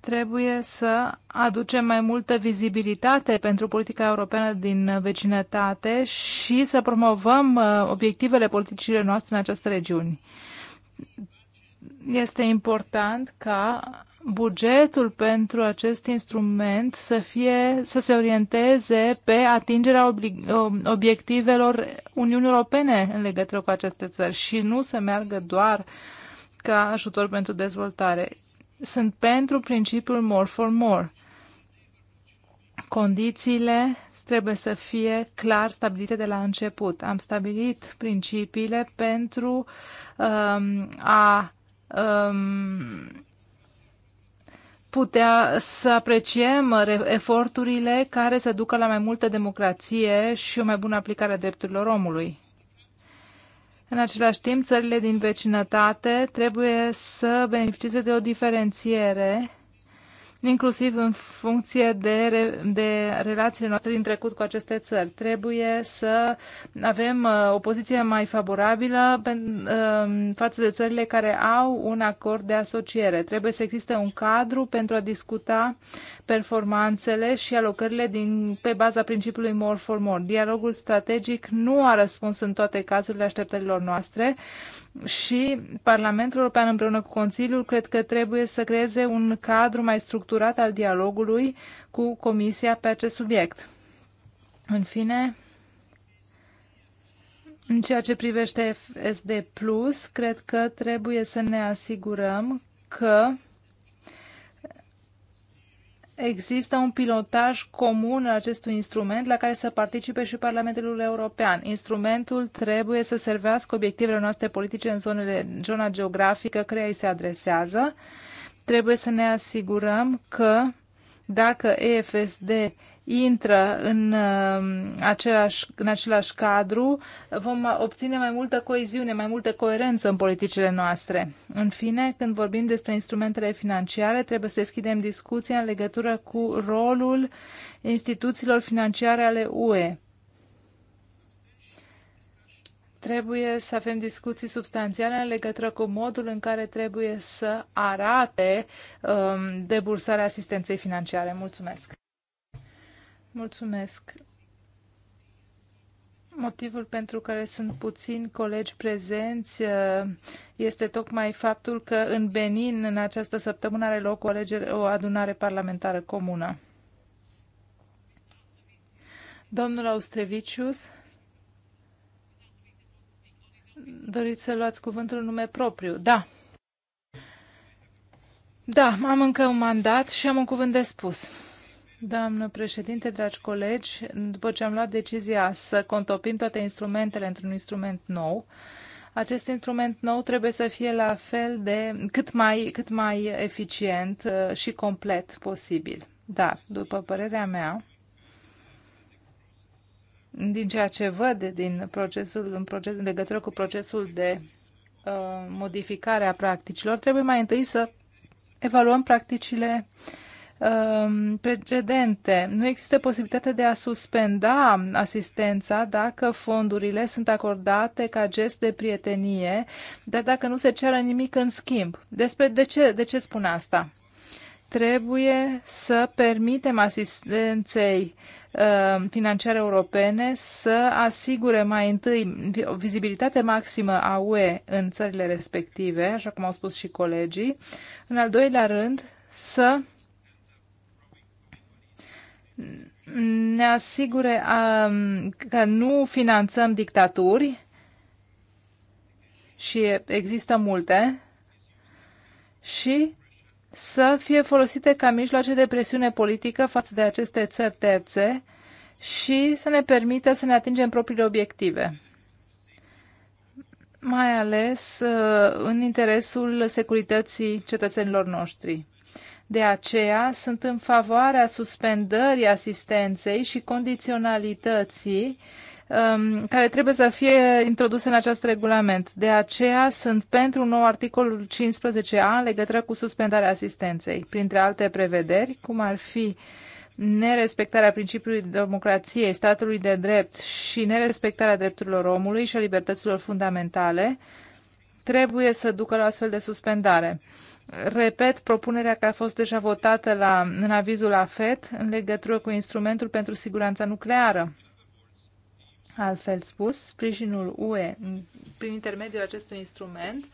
Trebuie să aducem mai multă vizibilitate pentru politica europeană din vecinătate și să promovăm uh, obiectivele politicile noastre în această regiune. Este important ca bugetul pentru acest instrument să, fie, să se orienteze pe atingerea um, obiectivelor Uniunii Europene în legătură cu aceste țări și nu să meargă doar ca ajutor pentru dezvoltare sunt pentru principiul more for more. Condițiile trebuie să fie clar stabilite de la început. Am stabilit principiile pentru um, a um, putea să apreciem eforturile care să ducă la mai multă democrație și o mai bună aplicare a drepturilor omului. În același timp, țările din vecinătate trebuie să beneficieze de o diferențiere inclusiv în funcție de, re, de relațiile noastre din trecut cu aceste țări. Trebuie să avem uh, o poziție mai favorabilă pe, uh, față de țările care au un acord de asociere. Trebuie să existe un cadru pentru a discuta performanțele și alocările din, pe baza principiului more for more. Dialogul strategic nu a răspuns în toate cazurile așteptărilor noastre și Parlamentul European împreună cu Consiliul cred că trebuie să creeze un cadru mai structurat structurat al dialogului cu Comisia pe acest subiect. În fine, în ceea ce privește FSD+, cred că trebuie să ne asigurăm că există un pilotaj comun în acestui instrument la care să participe și Parlamentul European. Instrumentul trebuie să servească obiectivele noastre politice în zonele, zona geografică care îi se adresează Trebuie să ne asigurăm că dacă EFSD intră în, uh, același, în același cadru, vom obține mai multă coeziune, mai multă coerență în politicile noastre. În fine, când vorbim despre instrumentele financiare, trebuie să deschidem discuția în legătură cu rolul instituțiilor financiare ale UE. Trebuie să avem discuții substanțiale în legătură cu modul în care trebuie să arate um, debursarea asistenței financiare. Mulțumesc! Mulțumesc! Motivul pentru care sunt puțini colegi prezenți uh, este tocmai faptul că în Benin, în această săptămână, are loc o, alegere, o adunare parlamentară comună. Domnul Austrevicius doriți să luați cuvântul în nume propriu. Da. Da, am încă un mandat și am un cuvânt de spus. Doamnă președinte, dragi colegi, după ce am luat decizia să contopim toate instrumentele într-un instrument nou, acest instrument nou trebuie să fie la fel de cât mai, cât mai eficient uh, și complet posibil. Dar, după părerea mea, din ceea ce văd din procesul, în, proces, în legătură cu procesul de uh, modificare a practicilor, trebuie mai întâi să evaluăm practicile um, precedente. Nu există posibilitatea de a suspenda asistența dacă fondurile sunt acordate ca gest de prietenie, dar dacă nu se ceară nimic în schimb. Despre de ce, de ce spun asta? trebuie să permitem asistenței uh, financiare europene să asigure mai întâi o vizibilitate maximă a UE în țările respective, așa cum au spus și colegii. În al doilea rând, să ne asigure um, că nu finanțăm dictaturi și există multe și să fie folosite ca mijloace de presiune politică față de aceste țări terțe și să ne permită să ne atingem propriile obiective, mai ales uh, în interesul securității cetățenilor noștri. De aceea sunt în favoarea suspendării asistenței și condiționalității um, care trebuie să fie introduse în acest regulament. De aceea sunt pentru un nou articolul 15a în legătură cu suspendarea asistenței, printre alte prevederi, cum ar fi nerespectarea principiului democrației, statului de drept și nerespectarea drepturilor omului și a libertăților fundamentale, trebuie să ducă la astfel de suspendare. Repet, propunerea care a fost deja votată la, în avizul AFET în legătură cu instrumentul pentru siguranța nucleară. Altfel spus, sprijinul UE prin intermediul acestui instrument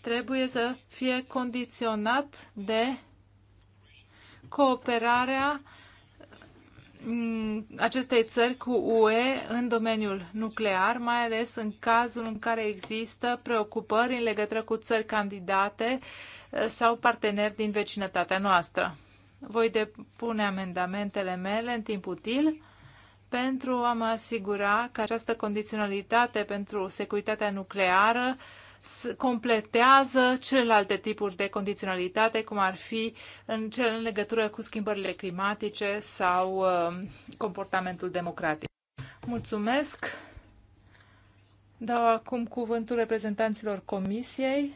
trebuie să fie condiționat de cooperarea mm, acestei țări cu UE în domeniul nuclear, mai ales în cazul în care există preocupări în legătură cu țări candidate eh, sau parteneri din vecinătatea noastră. Voi depune amendamentele mele în timp util pentru a mă asigura că această condiționalitate pentru securitatea nucleară completează celelalte tipuri de condiționalitate, cum ar fi în, cel, în legătură cu schimbările climatice sau uh, comportamentul democratic. Mulțumesc! Dau acum cuvântul reprezentanților Comisiei.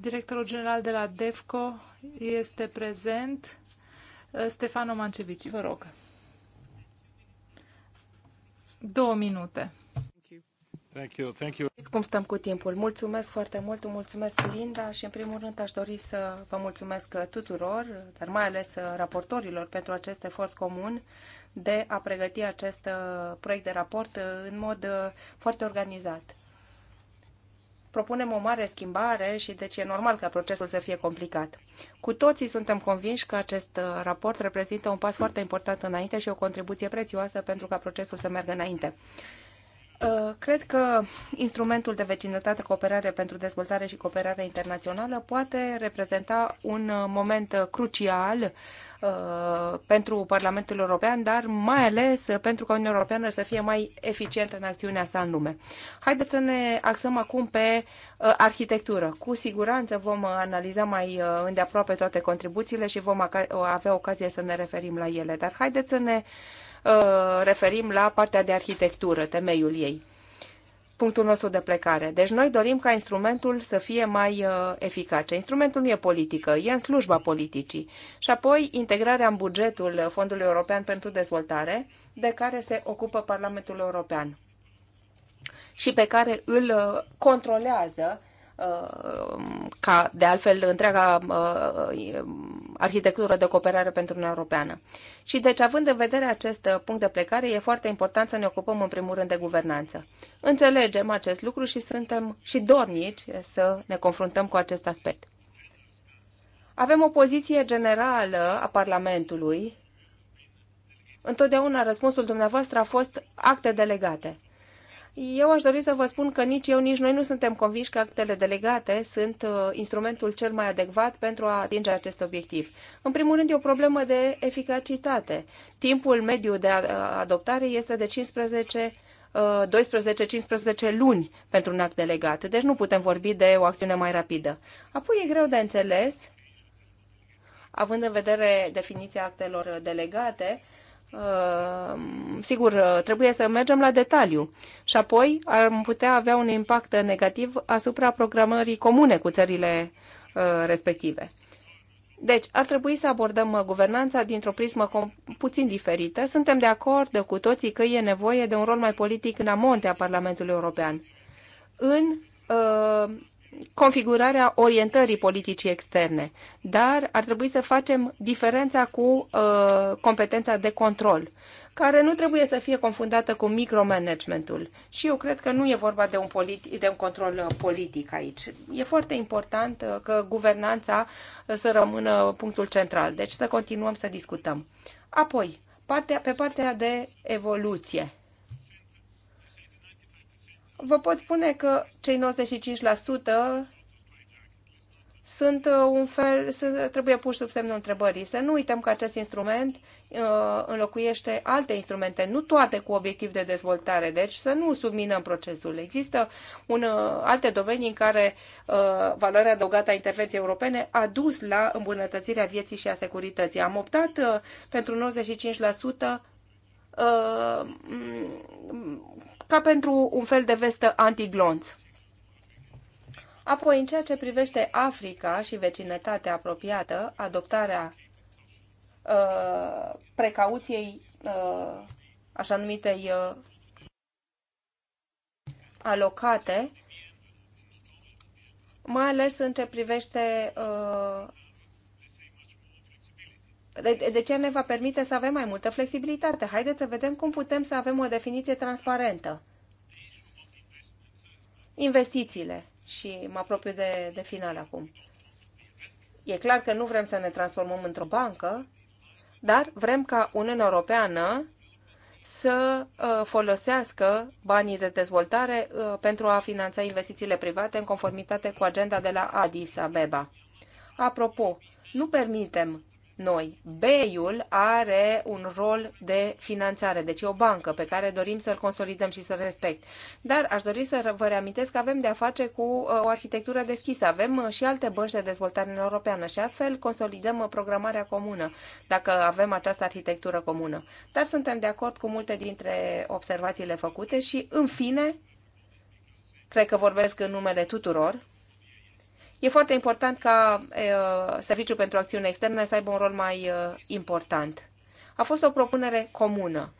Directorul general de la DEFCO este prezent. Stefano Mancevici, vă rog. Două minute. Thank you, thank you. Știți cum stăm cu timpul. Mulțumesc foarte mult, mulțumesc Linda și în primul rând aș dori să vă mulțumesc tuturor, dar mai ales raportorilor pentru acest efort comun de a pregăti acest uh, proiect de raport uh, în mod uh, foarte organizat propunem o mare schimbare și deci e normal ca procesul să fie complicat. Cu toții suntem convinși că acest uh, raport reprezintă un pas foarte important înainte și o contribuție prețioasă pentru ca procesul să meargă înainte. Uh, cred că instrumentul de vecinătate, cooperare pentru dezvoltare și cooperare internațională poate reprezenta un uh, moment uh, crucial pentru Parlamentul European, dar mai ales pentru ca Uniunea Europeană să fie mai eficientă în acțiunea sa în lume. Haideți să ne axăm acum pe arhitectură. Cu siguranță vom analiza mai îndeaproape toate contribuțiile și vom avea ocazie să ne referim la ele, dar haideți să ne Uh, referim la partea de arhitectură, temeiul ei punctul nostru de plecare. Deci noi dorim ca instrumentul să fie mai uh, eficace. Instrumentul nu e politică, e în slujba politicii. Și apoi integrarea în bugetul Fondului European pentru Dezvoltare, de care se ocupă Parlamentul European și pe care îl uh, controlează Uh, ca de altfel întreaga uh, arhitectură de cooperare pentru Uniunea Europeană. Și deci, având în vedere acest uh, punct de plecare, e foarte important să ne ocupăm în primul rând de guvernanță. Înțelegem acest lucru și suntem și dornici să ne confruntăm cu acest aspect. Avem o poziție generală a Parlamentului. Întotdeauna răspunsul dumneavoastră a fost acte delegate. Eu aș dori să vă spun că nici eu, nici noi nu suntem convinși că actele delegate sunt uh, instrumentul cel mai adecvat pentru a atinge acest obiectiv. În primul rând, e o problemă de eficacitate. Timpul mediu de uh, adoptare este de 15 12-15 uh, luni pentru un act delegat. Deci nu putem vorbi de o acțiune mai rapidă. Apoi e greu de înțeles, având în vedere definiția actelor delegate, Uh, sigur, uh, trebuie să mergem la detaliu și apoi ar putea avea un impact negativ asupra programării comune cu țările uh, respective. Deci, ar trebui să abordăm guvernanța dintr-o prismă puțin diferită. Suntem de acord cu toții că e nevoie de un rol mai politic în amonte a Parlamentului European. În configurarea orientării politicii externe, dar ar trebui să facem diferența cu uh, competența de control, care nu trebuie să fie confundată cu micromanagementul. Și eu cred că nu e vorba de un, politi- de un control uh, politic aici. E foarte important uh, că guvernanța uh, să rămână punctul central, deci să continuăm să discutăm. Apoi, partea, pe partea de evoluție vă pot spune că cei 95% sunt uh, un fel, sunt, uh, trebuie puși sub semnul întrebării. Să nu uităm că acest instrument uh, înlocuiește alte instrumente, nu toate cu obiectiv de dezvoltare, deci să nu subminăm procesul. Există un, uh, alte domenii în care uh, valoarea adăugată a intervenției europene a dus la îmbunătățirea vieții și a securității. Am optat uh, pentru 95% uh, ca pentru un fel de vestă antiglonț. Apoi, în ceea ce privește Africa și vecinătatea apropiată, adoptarea uh, precauției uh, așa numitei uh, alocate, mai ales în ce privește uh, de, de ce ne va permite să avem mai multă flexibilitate? Haideți să vedem cum putem să avem o definiție transparentă. Investițiile. Și mă apropiu de, de final acum. E clar că nu vrem să ne transformăm într-o bancă, dar vrem ca Uniunea Europeană să uh, folosească banii de dezvoltare uh, pentru a finanța investițiile private în conformitate cu agenda de la Addis Abeba. Apropo, nu permitem noi. BEI-ul are un rol de finanțare, deci e o bancă pe care dorim să-l consolidăm și să-l respect. Dar aș dori să vă reamintesc că avem de-a face cu uh, o arhitectură deschisă. Avem uh, și alte bănci de dezvoltare în europeană și astfel consolidăm uh, programarea comună, dacă avem această arhitectură comună. Dar suntem de acord cu multe dintre observațiile făcute și, în fine, cred că vorbesc în numele tuturor, E foarte important ca Serviciul pentru Acțiune Externă să aibă un rol mai important. A fost o propunere comună.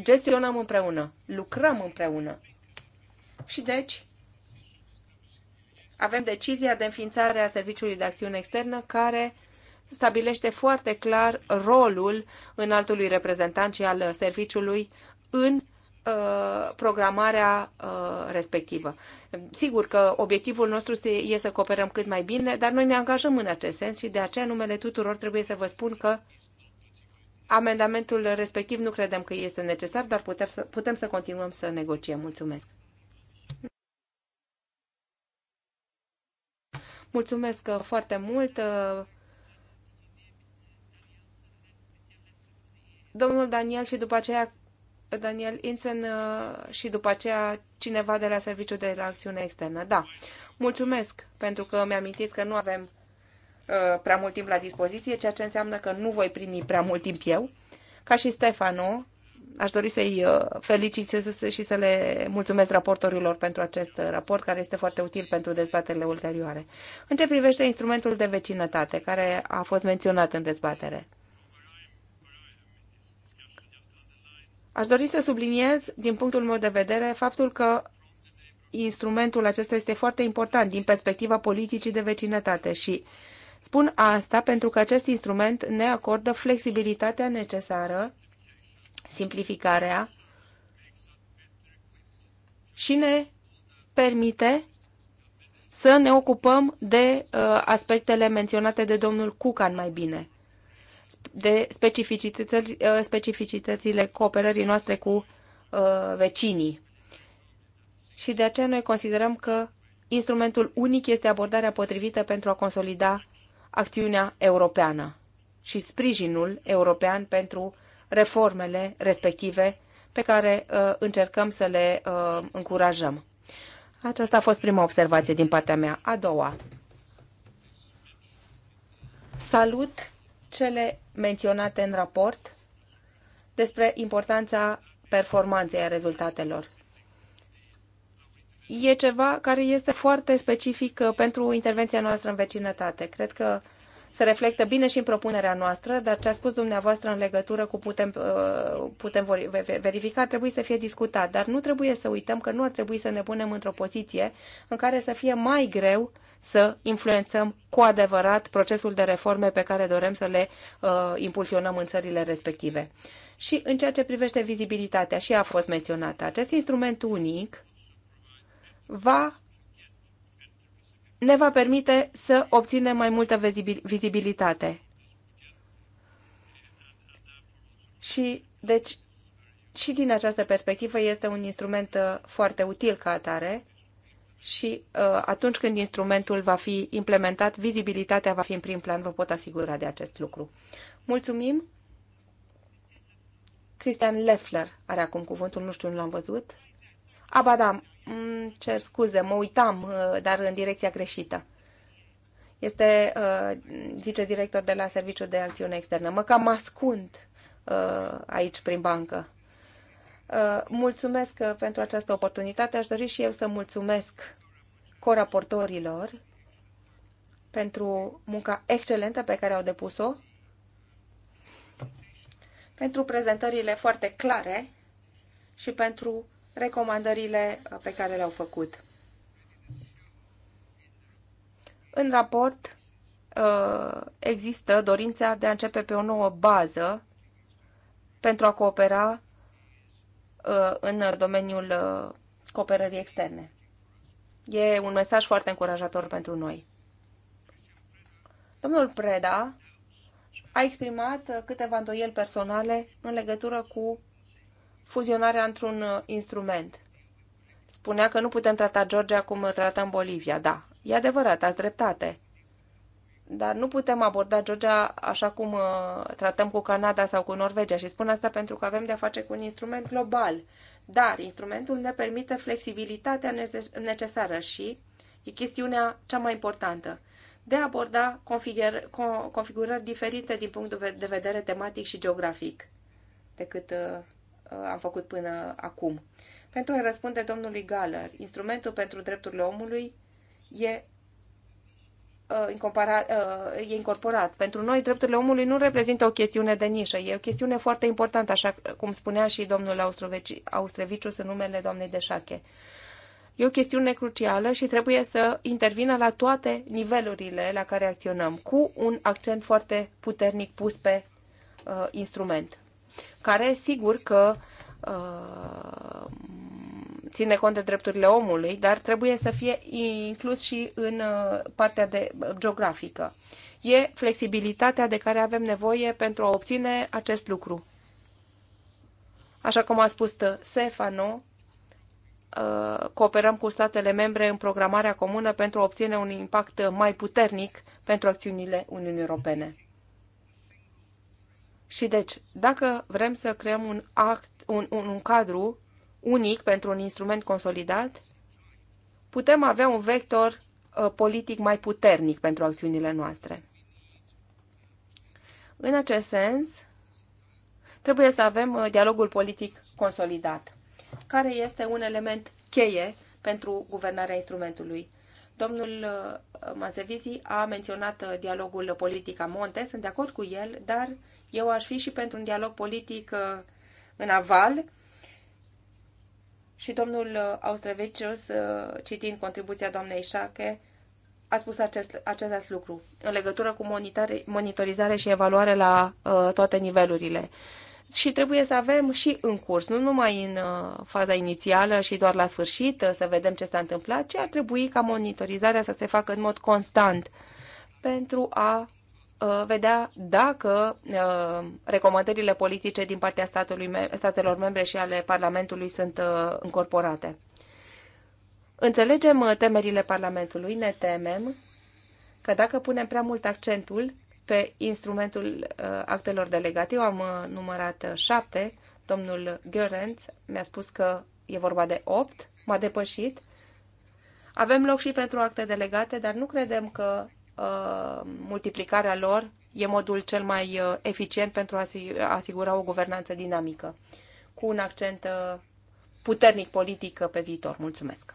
Gestionăm împreună, lucrăm împreună. Și deci, avem decizia de înființare a Serviciului de Acțiune Externă care stabilește foarte clar rolul înaltului reprezentant și al serviciului în Uh, programarea uh, respectivă. Sigur că obiectivul nostru este să cooperăm cât mai bine, dar noi ne angajăm în acest sens și de aceea numele tuturor trebuie să vă spun că amendamentul respectiv nu credem că este necesar, dar putem să, putem să continuăm să negociem. Mulțumesc! Mulțumesc uh, foarte mult! Domnul Daniel și după aceea Daniel Insen uh, și după aceea cineva de la Serviciul de la Acțiune Externă. Da, mulțumesc pentru că mi am că nu avem uh, prea mult timp la dispoziție, ceea ce înseamnă că nu voi primi prea mult timp eu. Ca și Stefano, aș dori să-i uh, felicit și să le mulțumesc raportorilor pentru acest raport, care este foarte util pentru dezbaterile ulterioare. În ce privește instrumentul de vecinătate, care a fost menționat în dezbatere? Aș dori să subliniez, din punctul meu de vedere, faptul că instrumentul acesta este foarte important din perspectiva politicii de vecinătate și spun asta pentru că acest instrument ne acordă flexibilitatea necesară, simplificarea și ne permite să ne ocupăm de uh, aspectele menționate de domnul Cucan mai bine de uh, specificitățile, cooperării noastre cu uh, vecinii. Și de aceea noi considerăm că instrumentul unic este abordarea potrivită pentru a consolida acțiunea europeană și sprijinul european pentru reformele respective pe care uh, încercăm să le uh, încurajăm. Aceasta a fost prima observație din partea mea. A doua. Salut cele menționate în raport despre importanța performanței a rezultatelor. E ceva care este foarte specific uh, pentru intervenția noastră în vecinătate. Cred că se reflectă bine și în propunerea noastră, dar ce a spus dumneavoastră în legătură cu putem, uh, putem verifica trebuie să fie discutat, dar nu trebuie să uităm că nu ar trebui să ne punem într-o poziție în care să fie mai greu să influențăm cu adevărat procesul de reforme pe care dorem să le uh, impulsionăm în țările respective. Și în ceea ce privește vizibilitatea, și a fost menționată, acest instrument unic va ne va permite să obținem mai multă vizibilitate. Și, deci, și din această perspectivă este un instrument uh, foarte util ca atare și uh, atunci când instrumentul va fi implementat, vizibilitatea va fi în prim plan, vă pot asigura de acest lucru. Mulțumim! Cristian Leffler are acum cuvântul, nu știu, nu l-am văzut. Abadam, îmi cer scuze, mă uitam, uh, dar în direcția greșită. Este uh, vicedirector de la Serviciul de Acțiune Externă. Mă cam ascund uh, aici prin bancă. Uh, mulțumesc uh, pentru această oportunitate. Aș dori și eu să mulțumesc coraportorilor pentru munca excelentă pe care au depus-o, pentru prezentările foarte clare și pentru recomandările uh, pe care le-au făcut. În raport uh, există dorința de a începe pe o nouă bază pentru a coopera uh, în domeniul cooperării externe. E un mesaj foarte încurajator pentru noi. Domnul Preda a exprimat câteva îndoieli personale în legătură cu fuzionarea într-un uh, instrument. Spunea că nu putem trata Georgia cum uh, tratăm Bolivia. Da, e adevărat, ați dreptate. Dar nu putem aborda Georgia așa cum uh, tratăm cu Canada sau cu Norvegia. Și spun asta pentru că avem de-a face cu un instrument global. Dar instrumentul ne permite flexibilitatea necesară și e chestiunea cea mai importantă de a aborda configurări, configurări diferite din punct de vedere tematic și geografic decât uh, Uh, am făcut până acum. Pentru a răspunde domnului Galler, instrumentul pentru drepturile omului e uh, uh, e incorporat. Pentru noi, drepturile omului nu reprezintă o chestiune de nișă, e o chestiune foarte importantă, așa cum spunea și domnul Austrevicius în numele doamnei de șache. E o chestiune crucială și trebuie să intervină la toate nivelurile la care acționăm, cu un accent foarte puternic pus pe uh, instrument care sigur că uh, ține cont de drepturile omului, dar trebuie să fie inclus și în uh, partea de uh, geografică. E flexibilitatea de care avem nevoie pentru a obține acest lucru. Așa cum a spus uh, Stefano, cooperăm cu statele membre în programarea comună pentru a obține un impact mai puternic pentru acțiunile Uniunii Europene. Și deci, dacă vrem să creăm un act, un, un, un cadru unic pentru un instrument consolidat, putem avea un vector uh, politic mai puternic pentru acțiunile noastre. În acest sens, trebuie să avem uh, dialogul politic consolidat, care este un element cheie pentru guvernarea instrumentului. Domnul uh, Mazevizi a menționat uh, dialogul politic a Monte, sunt de acord cu el, dar uh, eu aș fi și pentru un dialog politic uh, în aval și domnul uh, Austrevecius, uh, citind contribuția doamnei Șache, a spus acest, acest lucru în legătură cu monitorizare și evaluare la uh, toate nivelurile. Și trebuie să avem și în curs, nu numai în uh, faza inițială și doar la sfârșit uh, să vedem ce s-a întâmplat, ci ar trebui ca monitorizarea să se facă în mod constant pentru a Uh, vedea dacă uh, recomandările politice din partea statului, statelor membre și ale Parlamentului sunt uh, încorporate. Înțelegem temerile Parlamentului, ne temem că dacă punem prea mult accentul pe instrumentul actelor delegate, eu am numărat șapte, domnul Görenț mi-a spus că e vorba de opt, m-a depășit. Avem loc și pentru acte delegate, dar nu credem că Uh, multiplicarea lor e modul cel mai uh, eficient pentru a asigura o guvernanță dinamică, cu un accent uh, puternic politic pe viitor. Mulțumesc!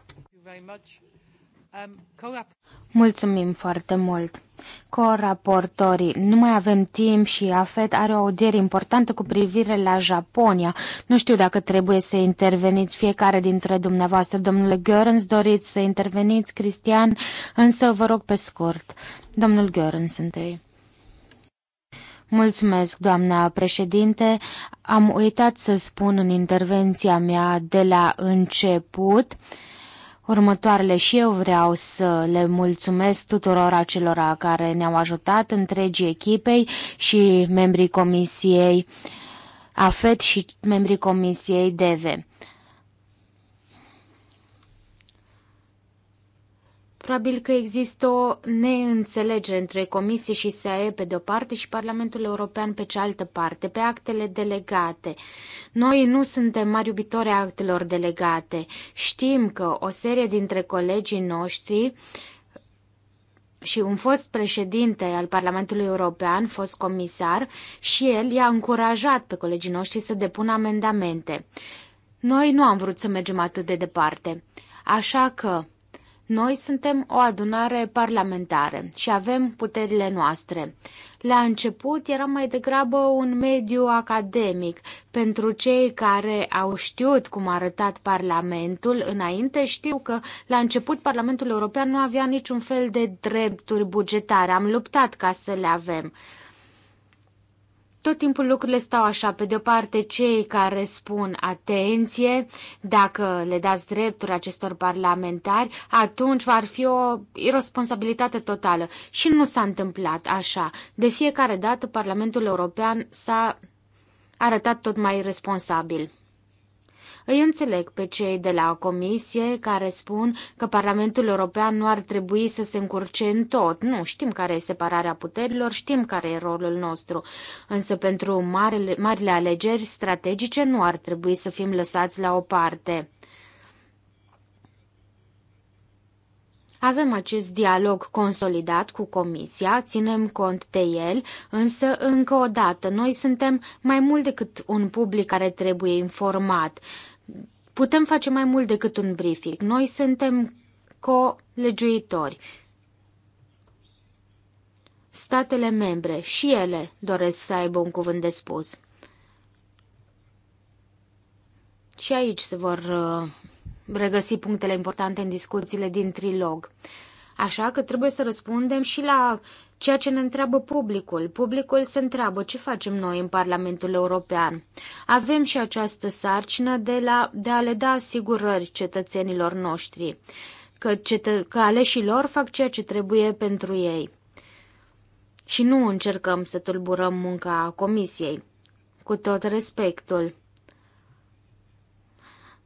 Um, Mulțumim foarte mult! Co-raportorii, nu mai avem timp și AFET are o audiere importantă cu privire la Japonia. Nu știu dacă trebuie să interveniți fiecare dintre dumneavoastră. Domnule Görens, doriți să interveniți, Cristian, însă vă rog pe scurt. Domnul Görens întâi. Mulțumesc, doamna președinte. Am uitat să spun în intervenția mea de la început. Următoarele și eu vreau să le mulțumesc tuturor acelora care ne-au ajutat, întregii echipei și membrii comisiei AFET și membrii comisiei DEVE. Probabil că există o neînțelegere între Comisie și SAE pe de-o parte și Parlamentul European pe cealaltă parte, pe actele delegate. Noi nu suntem mari iubitori a actelor delegate. Știm că o serie dintre colegii noștri și un fost președinte al Parlamentului European, fost comisar, și el i-a încurajat pe colegii noștri să depună amendamente. Noi nu am vrut să mergem atât de departe. Așa că noi suntem o adunare parlamentară și avem puterile noastre. La început era mai degrabă un mediu academic. Pentru cei care au știut cum a arătat Parlamentul înainte, știu că la început Parlamentul European nu avea niciun fel de drepturi bugetare. Am luptat ca să le avem tot timpul lucrurile stau așa. Pe de o parte, cei care spun atenție, dacă le dați drepturi acestor parlamentari, atunci va fi o irresponsabilitate totală. Și nu s-a întâmplat așa. De fiecare dată, Parlamentul European s-a arătat tot mai responsabil. Îi înțeleg pe cei de la Comisie care spun că Parlamentul European nu ar trebui să se încurce în tot. Nu, știm care e separarea puterilor, știm care e rolul nostru. Însă pentru marile, marile alegeri strategice nu ar trebui să fim lăsați la o parte. Avem acest dialog consolidat cu Comisia, ținem cont de el, însă, încă o dată, noi suntem mai mult decât un public care trebuie informat. Putem face mai mult decât un briefing. Noi suntem colegiuitori. Statele membre și ele doresc să aibă un cuvânt de spus. Și aici se vor uh, regăsi punctele importante în discuțiile din trilog. Așa că trebuie să răspundem și la ceea ce ne întreabă publicul. Publicul se întreabă ce facem noi în Parlamentul European. Avem și această sarcină de, la, de a le da asigurări cetățenilor noștri, că, cetă, că aleșii lor fac ceea ce trebuie pentru ei. Și nu încercăm să tulburăm munca comisiei. Cu tot respectul.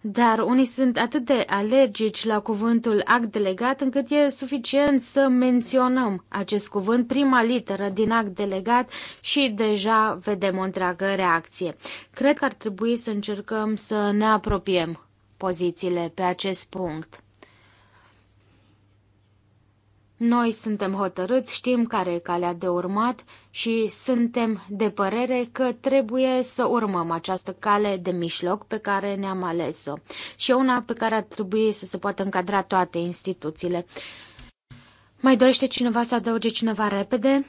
Dar unii sunt atât de alergici la cuvântul act delegat încât e suficient să menționăm acest cuvânt, prima literă din act delegat și deja vedem o întreagă reacție. Cred că ar trebui să încercăm să ne apropiem pozițiile pe acest punct. Noi suntem hotărâți, știm care e calea de urmat și suntem de părere că trebuie să urmăm această cale de mijloc pe care ne-am ales-o și una pe care ar trebui să se poată încadra toate instituțiile. Mai dorește cineva să adauge cineva repede?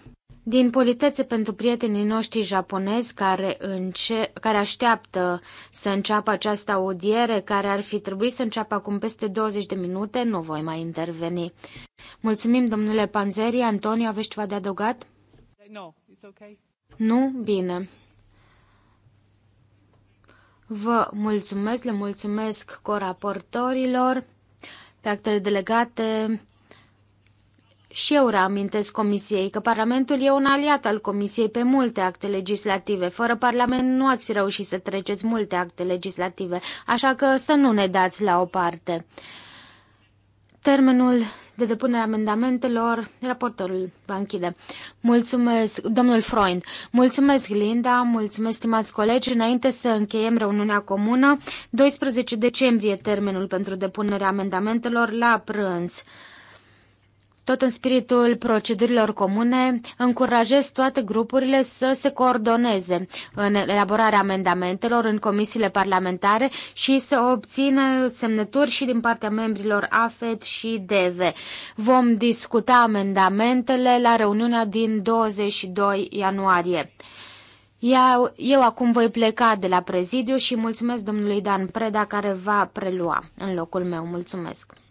Din politețe pentru prietenii noștri japonezi care, înce- care așteaptă să înceapă această audiere, care ar fi trebuit să înceapă acum peste 20 de minute, nu voi mai interveni. Mulțumim, domnule Panzeri. Antonio, aveți ceva de adăugat? No, it's okay. Nu? Bine. Vă mulțumesc, le mulțumesc coraportorilor pe actele delegate și eu reamintesc Comisiei că Parlamentul e un aliat al Comisiei pe multe acte legislative. Fără Parlament nu ați fi reușit să treceți multe acte legislative, așa că să nu ne dați la o parte. Termenul de depunere amendamentelor, raportorul va închide. Mulțumesc, domnul Freund. Mulțumesc, Linda, mulțumesc, stimați colegi. Înainte să încheiem reuniunea comună, 12 decembrie termenul pentru depunerea amendamentelor la prânz. Tot în spiritul procedurilor comune, încurajez toate grupurile să se coordoneze în elaborarea amendamentelor în comisiile parlamentare și să obțină semnături și din partea membrilor AFET și DV. Vom discuta amendamentele la reuniunea din 22 ianuarie. Eu, eu acum voi pleca de la prezidiu și mulțumesc domnului Dan Preda care va prelua în locul meu. Mulțumesc!